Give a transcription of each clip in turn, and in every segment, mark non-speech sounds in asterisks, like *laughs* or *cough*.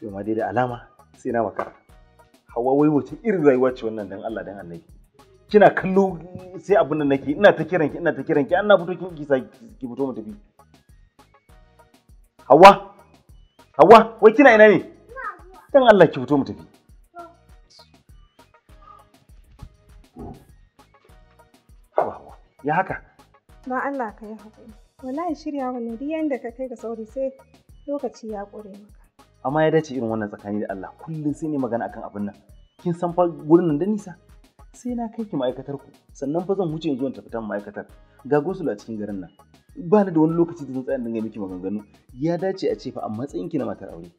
yau ma dai da alama sai na makara hawa wai wace irin rayuwa ce wannan dan Allah dan annabi kina kallo sai abin da nake ina ta kiran ki, ina ta kiran ki, an na fito kin ki ki fito mu tafi Hawa, Hawa, wai kina ina ne? Dan Allah ki fito mu tafi. Hawa, ya haka? Ba Allah ka yi haƙuri. Wallahi shirya ne duk yanda ka kai ga sauri sai lokaci ya ƙure maka. Amma ya dace irin wannan tsakani da Allah kullum sai ne magana akan abin nan. Kin san fa gurin nan da nisa? Sai na kai ki ma'aikatar ku sannan fa zan wuce in zo in tafi ta ma'aikatar. ga a cikin garin nan ba ni da wani lokaci da zan tsaya dinga miki maganganu ya dace a ce fa a matsayin ki na matar aure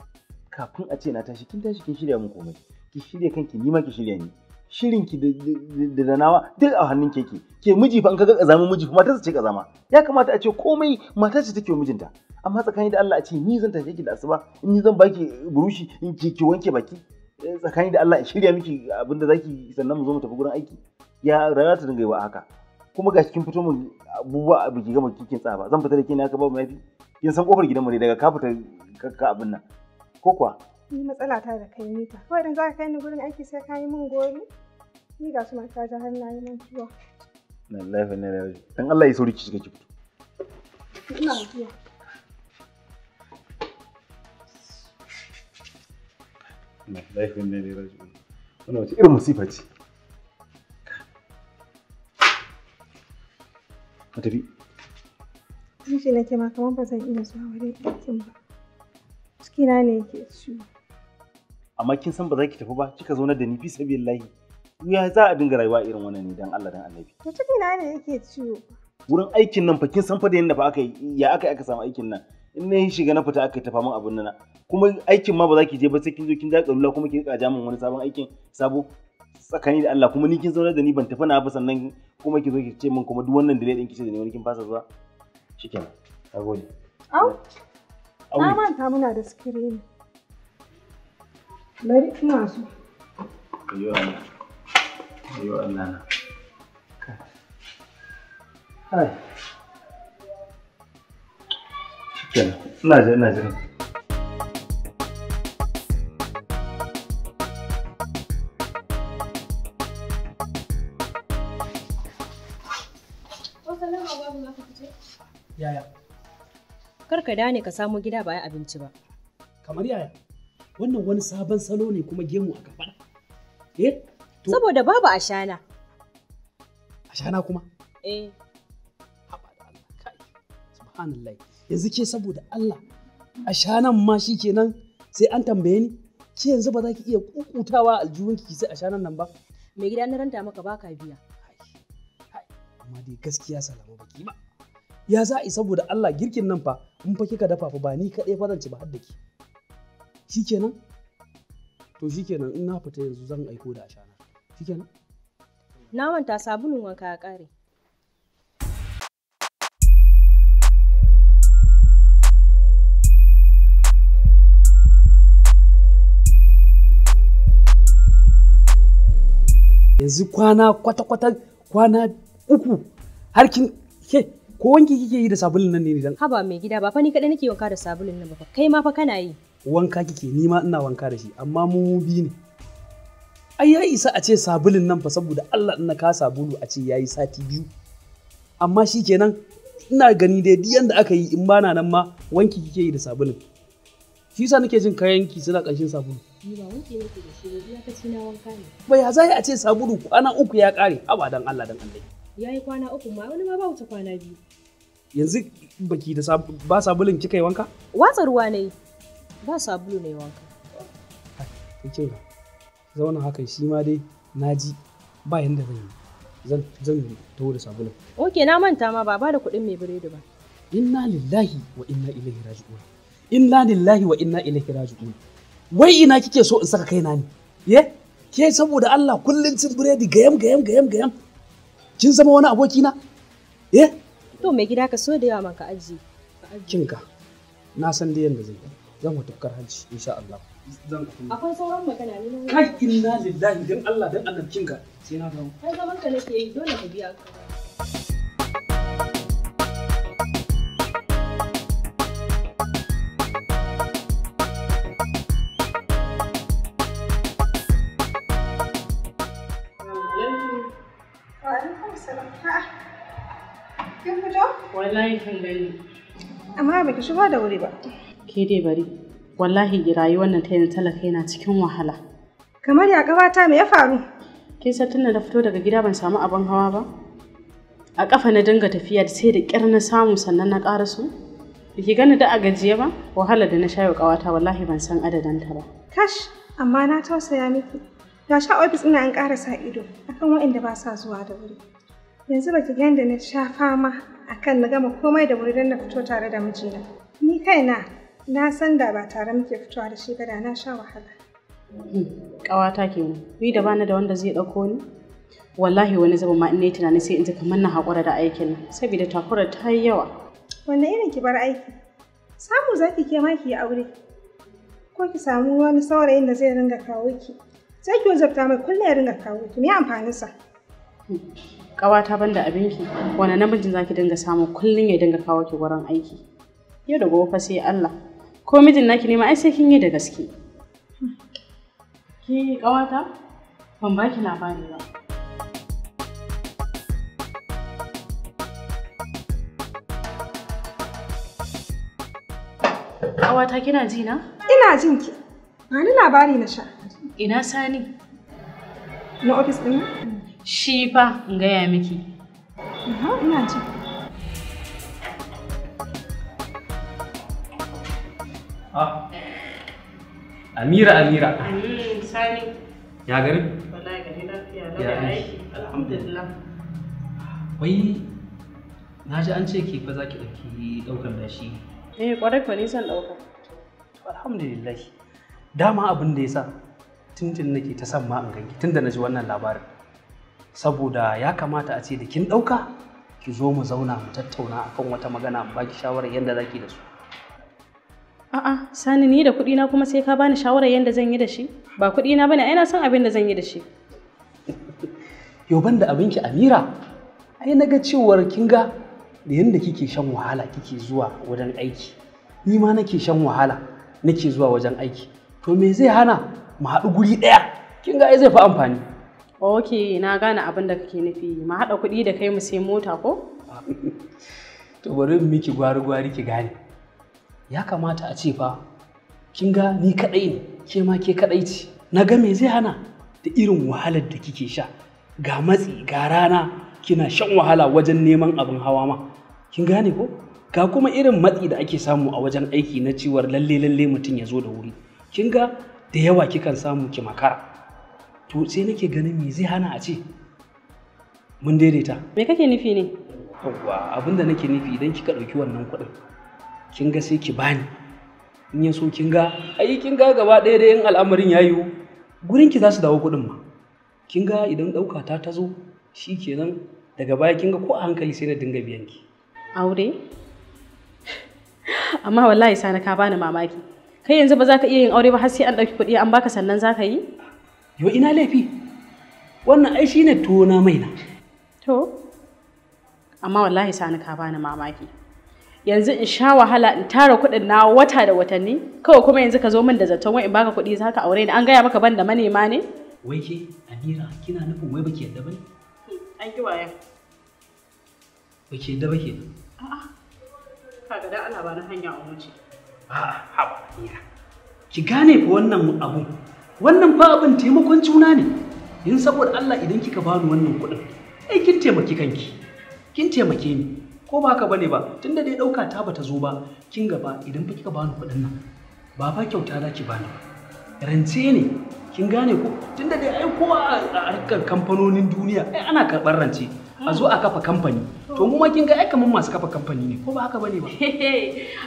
kafin a ce na tashi kin tashi kin shirya mun komai ki shirya kanki ni ma ki shirya ni shirin ki da da duk a hannun ke ke ke miji fa in kaga kazama miji fa matarsa ce kazama ya kamata a ce komai ce take mijinta amma tsakani da Allah a ce ni zan tashi ki da asuba in ni zan baki burushi in ki ki wanke baki eh, tsakani da Allah in shirya miki abinda zaki sannan mu zo mu tafi gurin aiki ya rayuwa ta dinga yi wa haka kuma ga cikin fito mu abubuwa a biki gama kikin tsaba zan fita da ke ka ba mu yafi kin san kofar gidanmu ne daga ka fita ka abin nan ko kuwa ni matsala ta da kai ta kawai dan zaka kai ni gurin aiki sai ka yi min gori ni ga su ma ta har na yi min ciwo. wallahi da ne dan Allah ya sauri ki shiga ki fito ina zuwa wallahi fa ne da raji wannan wace irin musifa ce Mu tafi. Nishi nake ma kamar ba zan iya zuwa wurin aikin ba. Cikina ne yake ciwo. Amma kin san ba za ki tafi ba kika zauna da ni fi sabilillahi. Ya za a dinga rayuwa irin wannan ne dan Allah dan Annabi. To cikina ne yake ciwo. Wurin aikin nan fa kin san fa da yanda fa aka ya aka aka samu aikin nan. In na shiga na fita aka tafa min abin nan. Kuma aikin ma ba za ki je ba sai kin zo kin ja karula kuma kin kaja min wani sabon aikin sabo tsakani da Allah kuma ni kin zauna da ni ban tafi na ba sannan kuma ki zo ki ce min kuma duk wannan delay din kice da ne wani kin fasa zuwa shikenan nagode au na manta muna da screen bari ina so ayo Allah ayo Allah na kai shikenan ina je ina je Kar ka dane ka samo gida ba ya abinci ba. Kamar yaya? Wannan wani sabon salo ne kuma gemu a kafa. Eh? Saboda babu ashana. Ashana kuma? Eh. Haba da Allah kai. Subhanallah. Yanzu ke saboda Allah ashanan ma shi kenan sai an tambaye ni. Ki yanzu ba za ki iya kukutawa aljihun ki sai ashanan nan ba. Mai gida na ranta maka baka biya. Amma dai gaskiya salama baki ba. Ya yi saboda Allah girkin nan fa in fa kika dafa fa ba ni kaɗai fa zan ci ba haddaki shikenan to shikenan in na fita yanzu zan aiko da ashana shikenan na manta sabulun wanka ya ƙare yanzu kwana kwata-kwata kwana uku har kin ke ko wanki kike yi da sabulun nan ne dan haba mai gida ba fa ni kadai nake wanka da sabulun nan ba kai ma fa kana yi wanka kike ni ma ina wanka da shi amma mu bi ne ai ya isa a ce sabulun nan fa saboda Allah ina ka sabulu a ce yayi sati biyu amma shi kenan ina gani dai duk yanda aka yi in bana nan ma wanki kike yi da sabulun shi yasa nake jin kayan ki suna ƙarshen sabulu ni ba wanki nake da shi ba ci na wanka ne bai ya zai a ce sabulu kwana uku ya kare abadan Allah dan Allah ya yi kwana uku ma wani ma ba wuce kwana biyu yanzu baki da ba sabulun kika yi wanka watsa ruwa ne ba sabulu ne wanka kin ga zauna hakan shi ma dai naji ba yanda zan yi zan zan taho da sabulun Ok, na manta ma ba ba da kuɗin mai biredi ba inna lillahi wa inna ilaihi raji'un inna lillahi wa inna ilaihi raji'un wai ina kike so in saka kaina ne ye ke saboda Allah kullun cin biredi gayam gayam gayam gayam kin zama wani aboki na eh to mai gida ka so da yawa maka aji kin ka na san da yanda zan zan mu tafkar haji insha Allah zan akwai sauran magana ne kai inna lillahi dan Allah dan kin ka sai na dawo kai zaman ka nake yi dole ka biya ka Wallahi tallahi. Amma ki da wuri ba. Ke dai bari. Wallahi rayuwar nan ta yin talaka yana cikin wahala. Kamar ya gabata me ya faru? Kin san tunda da fito daga gida ban samu abin hawa ba? A kafa na dinga tafiya da sai da kyar na samu sannan na ƙara su ki gani da a gajiye ba? Wahala da na shayo kawata wallahi ban san adadanta ba. Kash, amma na tausaya miki. Ya sha ofis ina an ƙara sa ido akan waɗanda ba sa zuwa da wuri. Yanzu baki ga da na sha fama akan na gama komai da wuri don na fito tare da mijina. Ni kaina na san da ba tare muke fitowa da shi ba na sha wahala. Ƙawata kenan, ni da bani da wanda zai ɗauko ni? Wallahi wani zama ma in yi tunani sai in ji kamar na haƙura da aikin nan, saboda takura ta yi yawa. Wanda irin ki bar aiki? Samu zaki ke ma ki yi aure. Ko ki samu wani saurayin da zai ringa kawo ki. Sai ki wajabta mai kullum ya ringa kawo ki, me amfaninsa? sa? Ƙawata banda abinki, wani namijin zaki dinga samu kullum ya dinga kawo ki wurin aiki. Yau da gobe fa sai Allah. Ko mijin naki ne ai sai kin yi da gaske. Ki ƙawata? Ban baki labari ba. Ƙawata kina ji na? Ina jin ki. Ba ni labari na sha. Ina sani. Na ofis ɗin? Shi fa in gaya miki. Ah. Amira Amira. Sani. Ya gari? Wallahi gari lafiya lafiya aiki. Alhamdulillah. Wai na ji an ce ke fa za ki ɗauki ɗaukar dashi. Eh ƙwarai kwa nisan ɗauka. Alhamdulillah. Dama abin da ya sa tuntun nake ta san ma in ganki tunda na ji wannan labarin. saboda ya kamata a ce da kin ɗauka ki zo mu zauna mu tattauna akan wata magana mu baki shawarar yadda za ki da su. A'a, sani ni da kuɗi na kuma sai ka bani shawarar yadda zan yi da shi? Ba kuɗi na bane, ai na san abin da zan yi da shi. Yau *laughs* ban da ki Amira, ai na ga cewar kin ga da yadda kike shan wahala kike zuwa wajen aiki. Ni ma nake shan wahala nake zuwa wajen aiki. To me zai hana mu haɗu guri ɗaya? Kin ga ai zai fi amfani. ok na gane abin da kake nufi ma haɗa kuɗi da kai mu sai mota ko *laughs* to bari miki gwari gwari ki gane ya kamata a ce fa kin ga ni kaɗai ne ke ma ke kaɗai ce na ga me zai hana da irin wahalar da kike sha ga matsi ga rana kina shan wahala wajen neman abin hawa ma kin gane ko ga kuma irin matsi da ake samu a wajen aiki na ciwar lalle lalle mutum ya zo da wuri kin ga da yawa kikan samu ki makara to sai nake ganin me zai hana a ce mun daidaita me kake nufi ne yawwa abinda nake nufi idan kika ɗauki wannan kuɗin kin ga sai ki bani in ya so kin ga ai kin ga gaba ɗaya da yin al'amarin ya yiwu gurin ki za su dawo kuɗin ma kin ga idan ɗauka ta ta zo shi kenan daga baya kin ga ko a hankali sai na dinga biyan ki aure amma wallahi sana ka bani mamaki kai yanzu ba za ka iya yin aure ba har sai an ɗauki kuɗi an baka sannan za ka yi Yo ina laifi? Wannan ai shine mai na To, amma wallahi sani ka bani mamaki. Yanzu in sha wahala in tara kuɗin na wata da watanni, kawai kuma yanzu ka zo min da zaton wai in baka kuɗi za ka aure ni an gaya maka ban da manema ne? Wai ke, Amira, kina nufin wai baki yadda bane? An ki waya. Baki yadda ba A'a. Kaga da ana ba na hanya a wuce. A'a, haba, Amira. Ki gane ku wannan abu. wannan fa abin taimakon juna ne in saboda Allah idan kika bani wannan kuɗin ai kin taimaki kanki kin taimake ni ko ba haka bane ba tunda dai ɗauka ta bata zo ba kin gaba idan fa kika bani kuɗin nan ba fa kyauta za ki bani ba rance ne kin gane ko tunda dai ai kowa a harkar kamfanonin duniya ai ana karɓar rance a zo a kafa kamfani to mu ma kin ga ai kaman masu kafa kamfani ne ko ba haka bane ba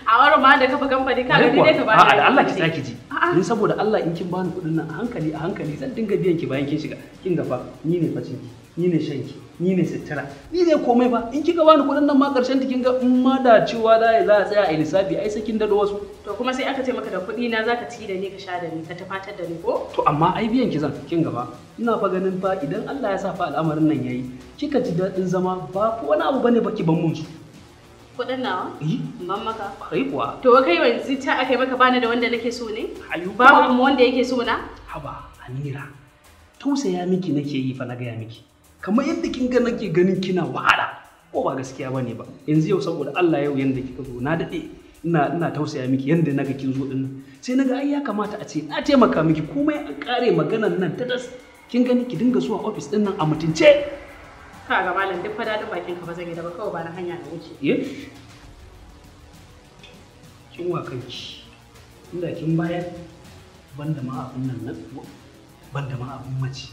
a wara ma da kafa kamfani ka gani dai ka ba Allah ki saki ji ni saboda Allah in kin bani kudin nan a hankali a hankali zan dinga biyan ki bayan kin shiga kin ga fa ni ne facin ki ni ne shan ki ni ne sittira ni ne komai ba in kika bani kudin nan ma ƙarshen ta kinga in ma da cewa za a tsaya a lissafi ai sakin da wasu to kuma sai aka ce maka da kuɗi na zaka ci da ni ka sha da ni ka tafatar da ni ko to amma ai biyan ki zan kin gaba ina fa ganin fa idan Allah ya sa fa al'amarin nan yayi kika ji daɗin zama ba wani abu bane baki ban mun su kuɗin nawa? Eh. Ban maka. Kai kuwa. To kai yanzu ta aka maka bani da wanda nake so ne? Hayu. mu wanda yake so na? Haba, Amira. Tausaya miki nake yi fa na gaya miki. kamar yadda kin ga nake ganin kina wahala ko ba gaskiya bane ba yanzu yau saboda Allah yau yanda kika zo na dade ina ina tausaya miki yanda naga kin zo din sai naga ai ya kamata a ce na taimaka miki komai a kare maganar nan ta das kin gani ki dinga zuwa office din nan a mutunce ka ga malam duk fada da bakin ka ba zan yi da ba kawai ba na hanya da wuce eh kin wa kanki inda kin bayar banda ma abun nan nan banda ma abun mace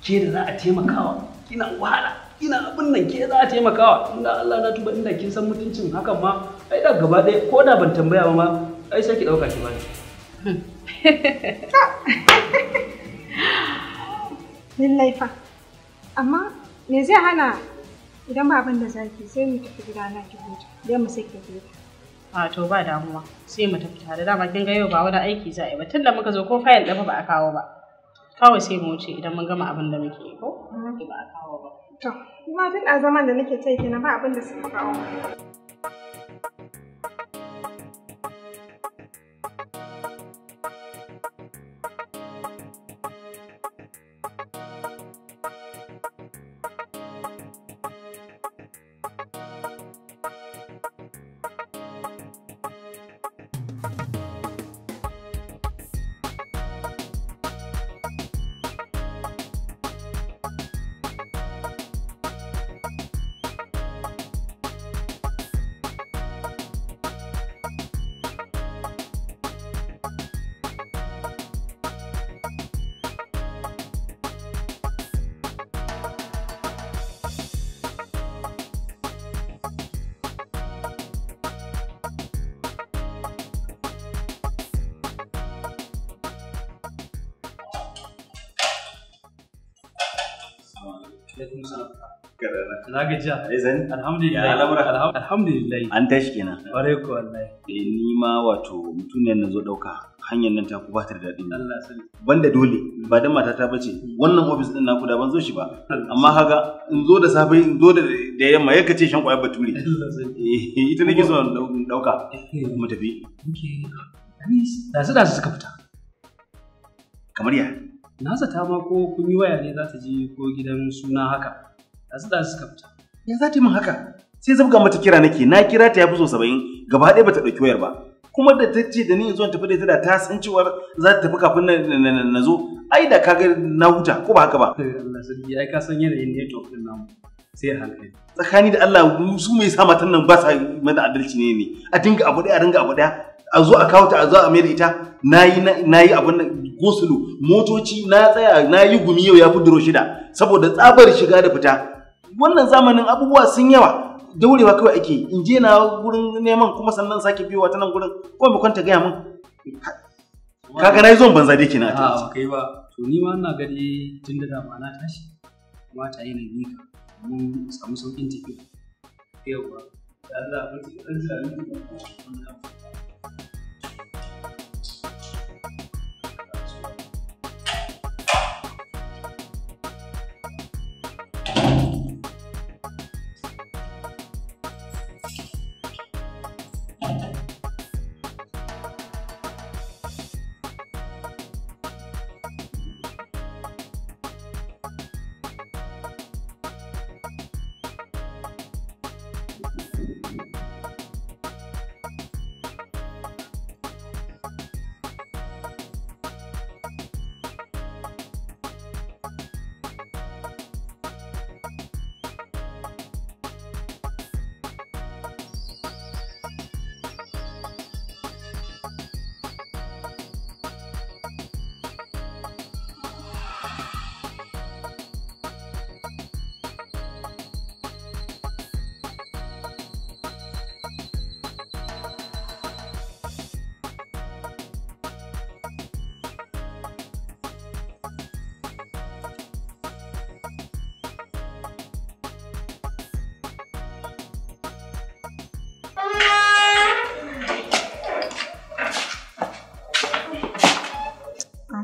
ke da za a taimakawa kina wahala kina abin nan ke za a taimakawa inda Allah na tuba inda kin san mutuncin hakan ma ai da gaba ɗaya ko da ban tambaya ba ma ai sai ki ɗauka ki bani. Lallai fa amma me zai hana idan ba abin da zaki sai mu tafi gida na ki huta dai mu sake huta. A to ba damuwa sai mu tafi tare dama kin ga yau ba wani aiki za a yi ba tunda muka zo ko fayil ɗafa ba a kawo ba. kawai sai mu wuce idan mun gama abin da muke ko mm-hmm. ba a kawo ba to kuma duk a zaman da nake ta na ba abin da suka kawo Na gajiya. Alhamdulillah. Alhamdulillah. Alhamdulillah. An tashi kenan. ku wallahi. Eh ni ma wato mutuniyar nan zo ɗauka hanyar nan ta ku ba ta da daɗi. Allah sani. Banda dole ba dan matata bace. Mm. Wannan ofis ɗin naku da ban zo shi ba. Amma haga in zo da safe in zo da yamma yaka ce shan kwaya bature. Eh ita nake so dauka eh. mu tafi. Da su da suka fita. Kamar ya. na zata ma ko kun yi waya ne za ta je ko gidan suna haka su tsada suka fita ya za ta yi min haka sai zubga mata kira nake na kira ta ya fi so saba'in gaba ɗaya bata ɗauki wayar ba kuma da ta ce da ni zuwa tafi da ita da ta san cewar za ta tafi kafin na zo ai da kaga na huta ko ba haka ba eh, Allah sarki ai ka san yanayin network din namu sai hankali tsakani da Allah su mai sa matan nan ba sa mana adalci ne ne a dinga abu ɗaya a dinga abu ɗaya a zo a kawo ta a zo a mai da ita na yi abun gosulu motoci na tsaya na yi gumi yau ya fi duro shida saboda tsabar shiga da fita wannan zamanin abubuwa sun yawa daurewa kawai ake in je na gurin neman kuma sannan sake biyowa ta nan gurin ko mu kwanta gaya min kaga na yi zon banza dai na a ba kai ba to ni ma ina gani tun da dama na tashi kuma ta yi na bi ka mun samu saukin tafiya yauwa da Allah ya ji da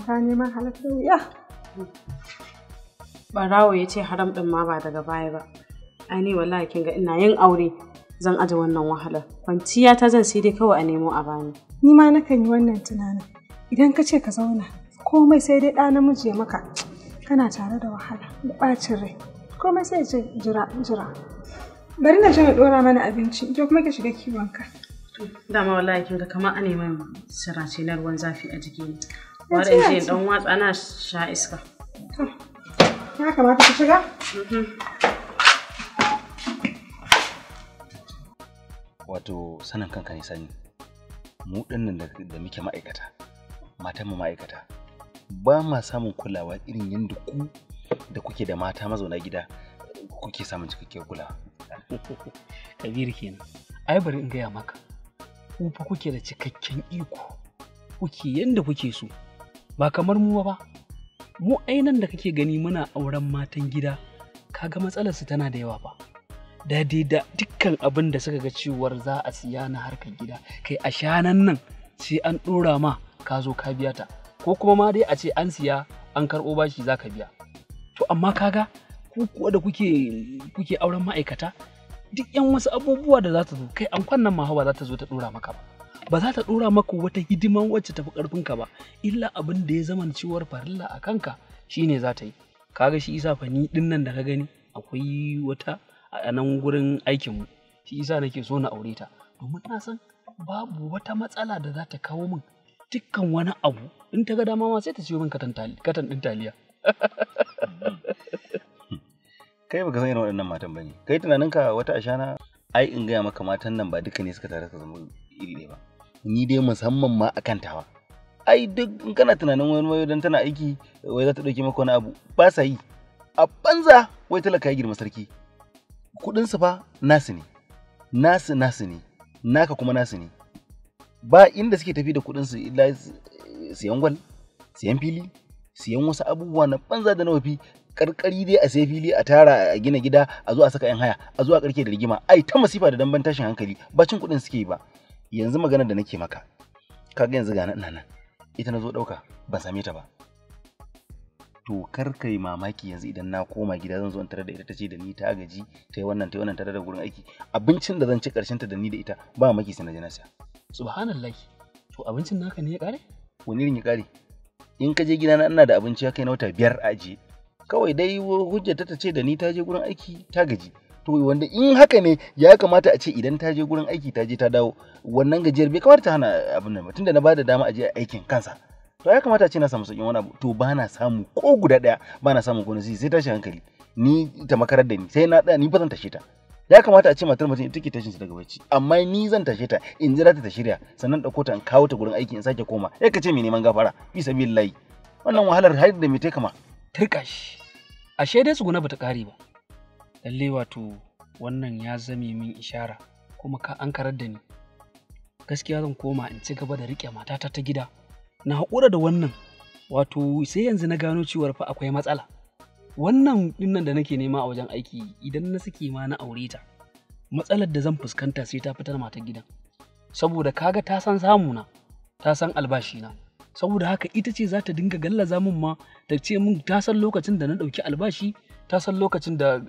mata neman halatta wuya barawo ya ce haram ɗin ma ba daga baya ba ai ni wallahi kin ga ina yin aure zan aje wannan wahalar kwanciya ta zan sai dai kawai a nemo a bani ni ma nakan yi wannan tunanin idan ka ce ka zauna komai sai dai ɗa namiji maka kana tare da wahala da ɓacin rai komai sai jira jira bari na je na ɗora mana abinci ke kuma ka shiga kiwonka dama wallahi kin ga kamar a neman sirace na ruwan zafi a jikin. Bari in je watsa na sha iska. Ya kamata shiga? Mhm. Wato sanin kanka ne sani. Mu da muke ma'aikata, matan mu ma'aikata, ba ma samun kulawa irin yadda ku da kuke da mata mazauna gida kuke samun cikakkiyar kulawa. *laughs* Kabiru kenan. Ai bari in gaya maka. Ku fa kuke da cikakken iko. Kuke yadda kuke so. ba kamar mu ba mu ainan da kake gani muna auren matan gida kaga matsalarsu tana da yawa ba da da dukkan abin da suka ga cewar za a siya na harkar gida kai a shanan nan sai an ɗora ma ka zo ka biya ta ko kuma ma dai a ce an siya an karɓo bashi za ka biya to amma kaga ku kuwa da kuke kuke auren ma'aikata duk yan wasu abubuwa da za ta zo kai an kwannan ma hawa za ta zo ta ɗora maka ba ba za ta dora maku wata hidiman wacce tafi ka ba illa abin da ya zama ciwar farilla a kanka shine za ta yi kaga shi isa fani nan da ka gani akwai wata a nan gurin aikin mu shi isa nake so na aure ta domin na san babu wata matsala da za ta kawo min dukkan wani abu in ta ga dama ma sai ta ciyo min katan din taliya *laughs* kai baka san irin waɗannan matan bane kai tunaninka wata ashana ai in gaya maka matan nan ba duka ne suka tare ka zama iri ne ba ni dai musamman ma a kanta tawa ai duk in kana tunanin wani wayo dan tana aiki wai za ta dauke maka wani abu ba sa yi a banza wai talaka ya girma sarki kudin fa nasu ne nasu nasu ne naka kuma nasu ne ba inda suke tafi da kudin su illa siyan gwal siyan fili siyan wasu abubuwa na banza da nawafi karkari dai a sai fili a tara a gina gida a zo a saka yan haya a zo a karke da rigima ai ta masifa da damban tashin hankali ba cin kudin suke yi ba yanzu magana da nake maka kaga yanzu ga nan nan ita na zo ɗauka ban same ta ba to kar ka yi mamaki yanzu idan na koma gida zan zo in tare da ita ta ce da ni ta gaji ta yi wannan ta yi wannan tare da gurin aiki abincin da zan ci karshen ta da ni da ita ba mamaki sai na je na subhanallahi to abincin naka ne ya kare wani irin ya kare in ka je gidana ina da abinci ya kai na wata biyar a kawai dai hujjar ta ta ce da ni ta je gurin aiki ta gaji to wanda in haka ne ya kamata a ce idan ta je gurin aiki ta je ta dawo wannan gajiyar bai kamata ta hana abin nan tunda na bada dama a je aikin kansa to ya kamata a ce na samu sauƙin wani abu to ba na samu ko guda ɗaya ba na samu gwani sai tashi hankali ni ta makarar da ni sai na ɗaya ni ba zan tashe ta ya kamata a ce matar mutum take ke tashin su daga bacci amma ni zan tashe ta in jira ta ta shirya sannan ɗauko ta in kawo ta gurin aiki in sake koma ya ka ce mai neman gafara fi sabilillahi wannan wahalar har da mai ta kama turka shi ashe dai tsuguna bata kare ba lallai wato wannan ya zame min ishara kuma ka an karar da ni gaskiya zan koma in ci gaba da riƙe matata ta gida na haƙura da wannan wato sai yanzu na gano cewar fa akwai matsala wannan dinnan da nake nema a wajen aiki idan na saki ma na aure ta matsalar da zan fuskanta sai ta fitar mata gidan saboda kaga ta san na, ta san na, saboda haka ita ce za ta dinga gallaza min ma ta ce min ta san lokacin da na ɗauki albashi ta san lokacin da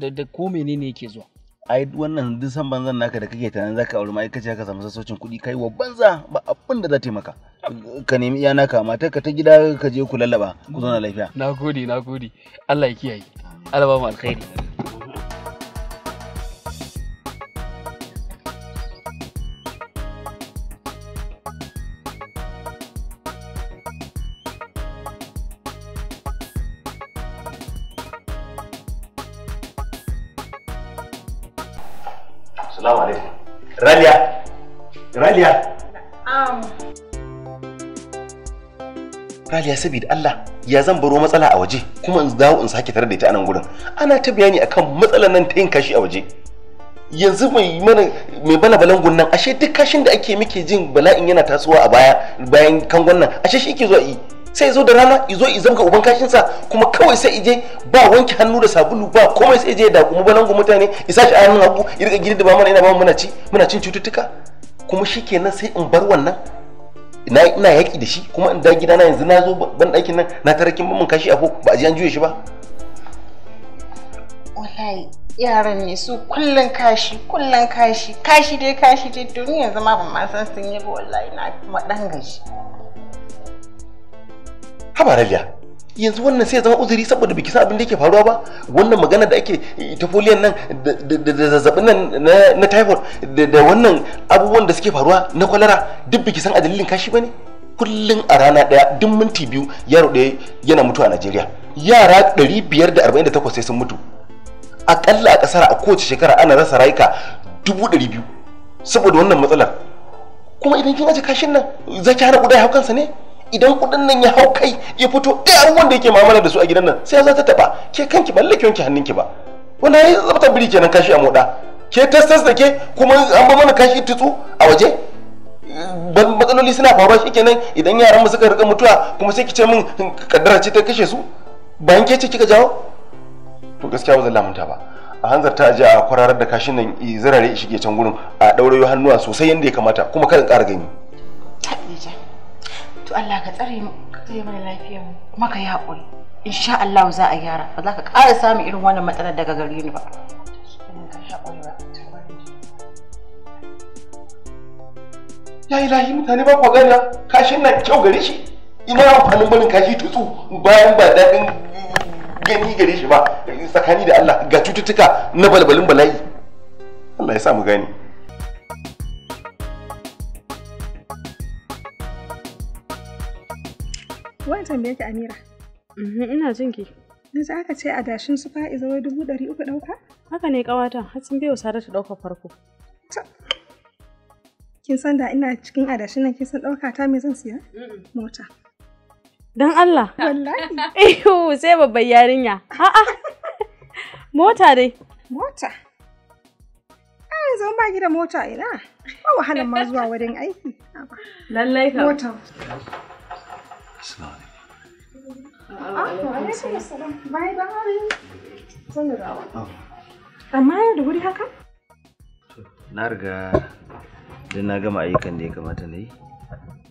da ko ne yake zuwa ai wannan duk san banzan naka da kake tunanin zaka aure ma'aikaci ka samu sassocin kuɗi kai wa banza ba abin da za ta yi maka ka nemi iya naka matar ka ta gida ka je ku lallaba ku zauna lafiya na gode. Allah ya kiyaye Allah mu alkhairi saboda Allah ya zan baro matsala a waje kuma in dawo in sake tare da ita a nan gurin ana ta bayani akan matsalan nan ta yin kashi a waje yanzu mai mana mai balabalan gunnan ashe duk kashin da ake muke jin bala'in yana tasowa a baya bayan kangon nan ashe shi yake zuwa yi sai zo da rana izo i zamka uban kashin sa kuma kawai sai ije ba wanke hannu da sabulu ba komai sai ije da kuma balangu mutane isa shi a hannun hagu irga rika gidi da ba mana ina ba muna ci muna cin cututtuka kuma shikenan sai in bar wannan na ina yaƙi da shi kuma in da gidana yanzu na zo ban ɗakin nan na tarakin mun kashi a ba a ji an juye shi ba wallahi yaran ne su kullun kashi kullun kashi kashi dai kashi dai domin yanzu ma ban ma san sun yi ba wallahi na kuma gashi haba rabiya yanzu wannan sai zama uzuri saboda biki san abin da yake faruwa ba wannan magana da ake ta foliyan nan da zazzabin nan na typhoid da wannan abubuwan da suke faruwa na kwalara duk biki san a dalilin kashi ba ne kullum a rana ɗaya duk minti biyu yaro ɗaya yana mutuwa a najeriya yara 548 sai sun mutu akalla a kasar a kowace shekara ana rasa rayuka biyu saboda wannan matsalar kuma idan kin aje kashin nan zaki hana kudai sa ne idan kudin nan ya hau kai ya fito ɗaya wanda yake mamala da su a gidan nan sai za ta taba ke kanki ke wanke hannunki ba wanda ya zabta biri kenan kashi a moda ke tas da ke kuma an ba mana kashi tutsu a waje matsaloli suna faruwa shi kenan idan yaran mu suka rika mutuwa kuma sai ki ce min hmm, kaddara ce ta kashe su bayan ke ce kika jawo to gaskiya ba zan lamunta ba a hanzarta a ji a kwararar da kashin nan zirare shige can gurin a ɗaurayo hannuwa sosai yadda ya kamata kuma kada ƙara gani. to Allah ka tsare mu ka tsare mana lafiyar mu kuma ka yi haƙuri insha Allah za a gyara ba za ka ƙara samun irin wannan matsalar daga gare ni ba ya lahi mutane ba ku gana kashin na kyau gare shi ina amfanin barin kashi tutsu bayan ba daɗin gani gare shi ba tsakani da Allah ga cututtuka na balbalin bala'i Allah ya sa mu gani wani tambaye ki Amira. Mhm, ina jin ki. Yanzu aka ce adashin su fa'i wai dubu ɗari uku ɗauka? Haka ne ƙawata, har sun biyo Sara ta ɗauka farko. Kin san da ina cikin adashin nan kin san ɗauka ta me zan siya? Mota. Don Allah. Wallahi. *laughs* Iyo sai babban yarinya. A'a. *laughs* Mota dai. Mota. Ai zan ba gida mota ina. Ba wahalar ma zuwa wurin aiki. Lallai ka. Mota. Assalamu Ah, ah. Amma yau da wuri haka? Na riga don na gama ayyukan da ya kamata na yi,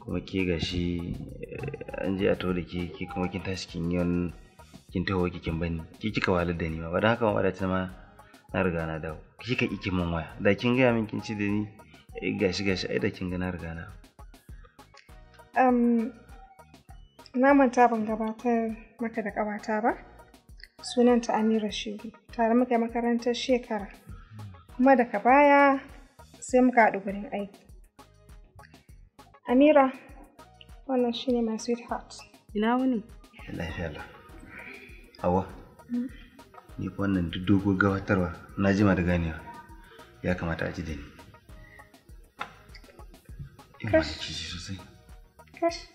kuma ke gashi eh, an je a to da ke kuma kin tashi kin yi kin taho ki kin bani ki kika walar da ni ba don haka ma ta ma na riga na dawo ki kika iki min waya da kin gaya min kin ci da ni eh, gashi gashi ai da kin ga na riga na Na manta ban gabatar maka da ƙawata ba. Sunanta Amira Shehu. Tare muka makarantar shekara. Kuma daga baya sai muka haɗu gurin aiki. Amira, wannan shi ne my sweetheart. Ina wani? Lafiya la. Hawa. Hmm? Ni wannan duk gabatarwa na jima da ganewa. Ya kamata a ji da ni. Kash. Kash.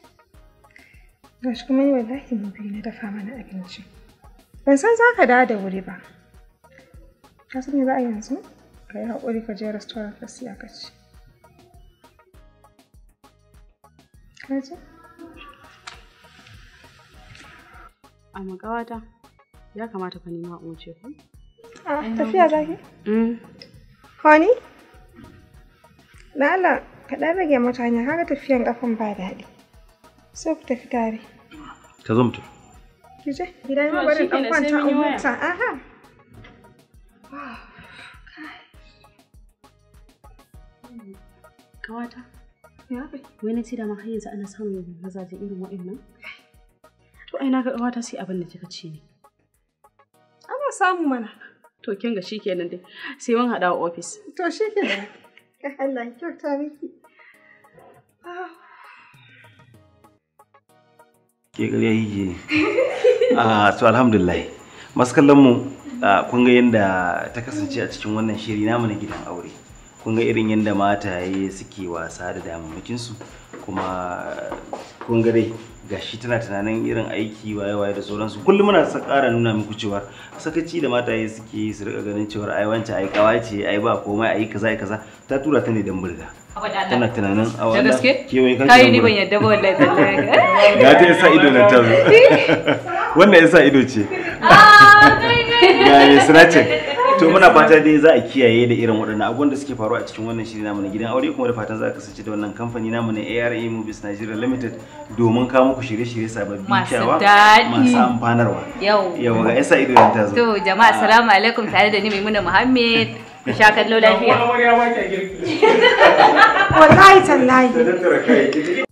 gashi kuma ni wallahi gobe na dafa mana abinci ban san za ka dawo da wuri ba ka san me za a yanzu ka yi haƙuri ka je restaurant ka siya ka ci kaji a magawata ya kamata ka nema uce ku a tafiya za ki mm. honey na Allah ka ɗan rage mutane kaga tafiyan ƙafan ba daɗi sai ku tafi tare ka zo a wani ma ana samun mazaje irin waɗannan to ai na ga kawata sai abin da kika ce ne ana samu mana to kin ga shikenan dai sai mun haɗa a ofis to shikenan Allah kyauta miki ke gari yake a to alhamdulillah masu kallon mu ah, kun ga yadda ta kasance a cikin wannan shiri namu na gidan aure kun ga irin yadda yayi suke wasa da damammakin su kuma kun ga dai gashi tana tunanin irin aiki waye-waye da sauransu kullum muna sa ƙara nuna muku cewa sakaci da mata mataye suke su rika ganin cewa ai wancan ai kawace ai ba komai ai kaza ai kaza ta tura ta ne dan burga *laughs* Eh? *laughs* Ah, tana tunanin a wanda kewaye kan kayi ni ban yadda ba wallahi tallahi ga ta yasa ido na ta wannan yasa ido ce ga ya siracin to muna fata dai za a kiyaye da irin waɗannan abubuwan da suke faruwa a cikin wannan shiri namu na gidan aure kuma da fatan za ka sace da wannan kamfani namu na ARA Movies Nigeria Limited domin kawo muku shirye-shirye sababbi kyawa masu amfanarwa. Yau. Yau ga yasa ido ta zo. To jama'a ah. assalamu alaikum tare da ni Maimuna Muhammad. ka sha kallo lafiya wallahi tallahi